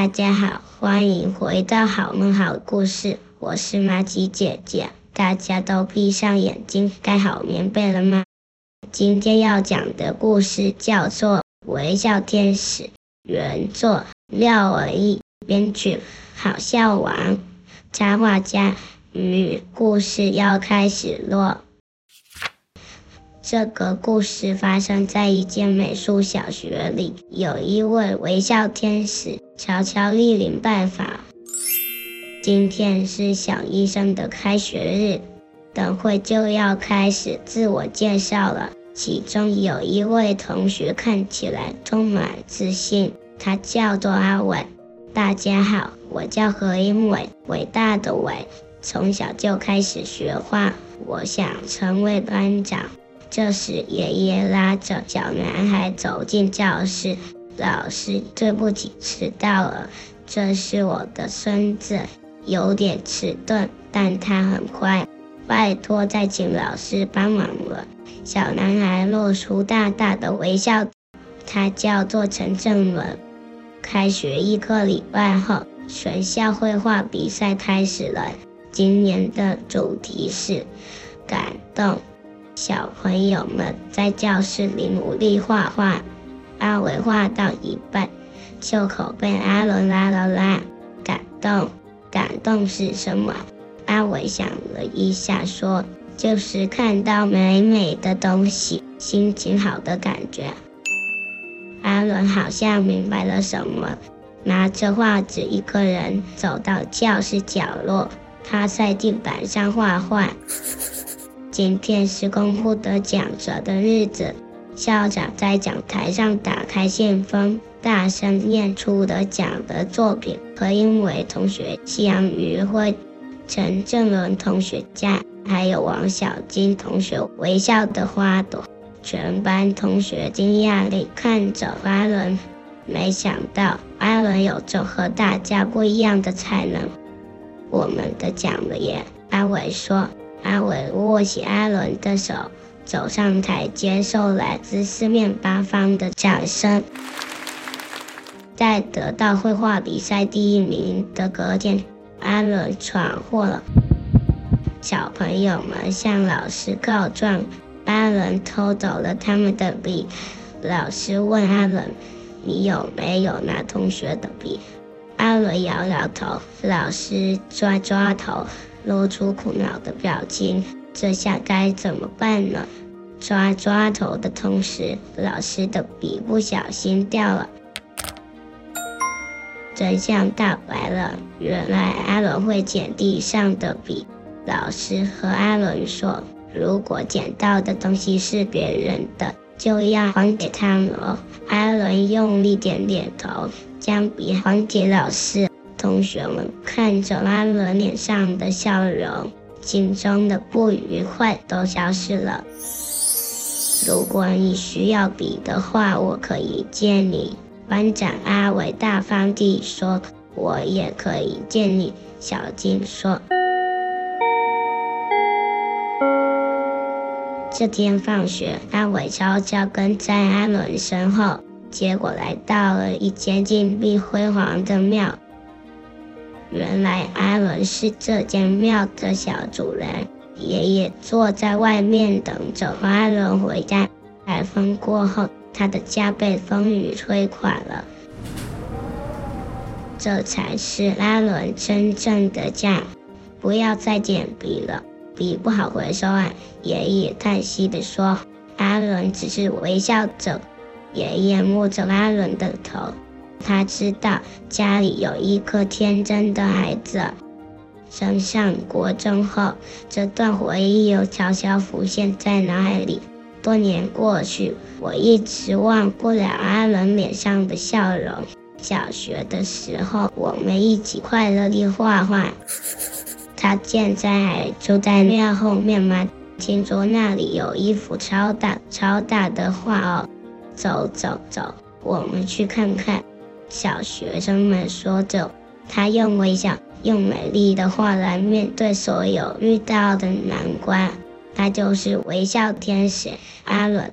大家好，歡迎回到《好夢好故事》，我是瑪吉姐姐。大家都閉上眼睛，蓋好棉被了嗎？今天要講的故事叫做《微笑天使》，原作廖文毅，編劇，好笑王，插畫家，魚，故事要開始咯。這個故事發生在一間美術小學裡，有一位微笑天使悄悄蒞臨拜訪。今天是小一生的開學日，等會就要開始自我介紹了。其中有一位同學看起來充滿自信，他叫做阿偉。大家好，我叫何英偉，偉大的偉。從小就開始學畫，我想成為班長。這時，爺爺拉着小男孩走進教室。老師，對不起，遲到了。這是我的孫子，有點遲鈍，但他很乖。拜托，再請老師幫忙了。小男孩露出大大的微笑。他叫做陳正倫。開學一個禮拜後，學校繪畫比賽開始了。今年的主題是感動。小朋友們在教室裡努力畫畫，阿偉畫到一半，袖口被阿倫拉了拉，感動。感動是什麼？阿偉想了一下，說：“就是看到美美的東西，心情好的感覺。”阿倫好像明白了什麼，拿着畫紙一個人走到教室角落，他在地板上畫畫。今天是公布得獎者的日子，校長在講台上打開信封，大聲念出得獎的作品：何英偉同學《夕陽餘暉》，陳正倫同學《家》，還有王小金同學《微笑的花朵》。全班同學驚訝地看着阿倫，沒想到阿倫有着和大家不一樣的才能。我們得獎了耶！阿偉說。阿偉握起阿倫的手，走上台，接受來自四面八方的掌聲。在得到繪畫比賽第一名的隔天，阿倫闖禍了。小朋友們向老師告狀，阿倫偷走了他們的筆。老師問阿倫：“你有沒有拿同學的筆？”阿倫搖搖頭，老師抓抓頭。露出苦惱的表情，這下該怎麼辦呢？抓抓頭的同時，老師的筆不小心掉了。真相大白了，原來阿倫會撿地上的筆。老師和阿倫說：“如果撿到的東西是別人的，就要還給他了。”阿倫用力點點頭，將筆還給老師。同學們看着阿倫臉上的笑容，心中的不愉快都消失了。如果你需要筆的話，我可以借你。班長阿偉大方地說：“我也可以借你。”小金說。這天放學，阿偉悄悄跟在阿倫身後，結果來到了一間金碧輝煌的廟。原來阿倫是這間廟的小主人，爺爺坐在外面等着阿倫回家。台風過後，他的家被風雨吹垮了，這才是阿倫真正的家。不要再撿筆了，筆不好回收啊！爺爺嘆息地說。阿倫只是微笑着，爺爺摸着阿倫的頭。他知道家裡有一個天真的孩子，升上國中後，這段回憶又悄悄浮現在腦海裡。多年過去，我一直忘不了阿倫臉上的笑容。小學的時候，我們一起快樂地畫畫。他現在住在廟後面嗎？聽說那裡有一幅超大、超大的畫哦。走走走，我們去看看。小學生們說着，他用微笑，用美麗的話來面對所有遇到的難關。他就是微笑天使阿倫。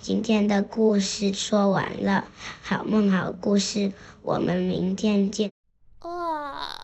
今天的故事說完了，好夢好故事，我們明天見。啊。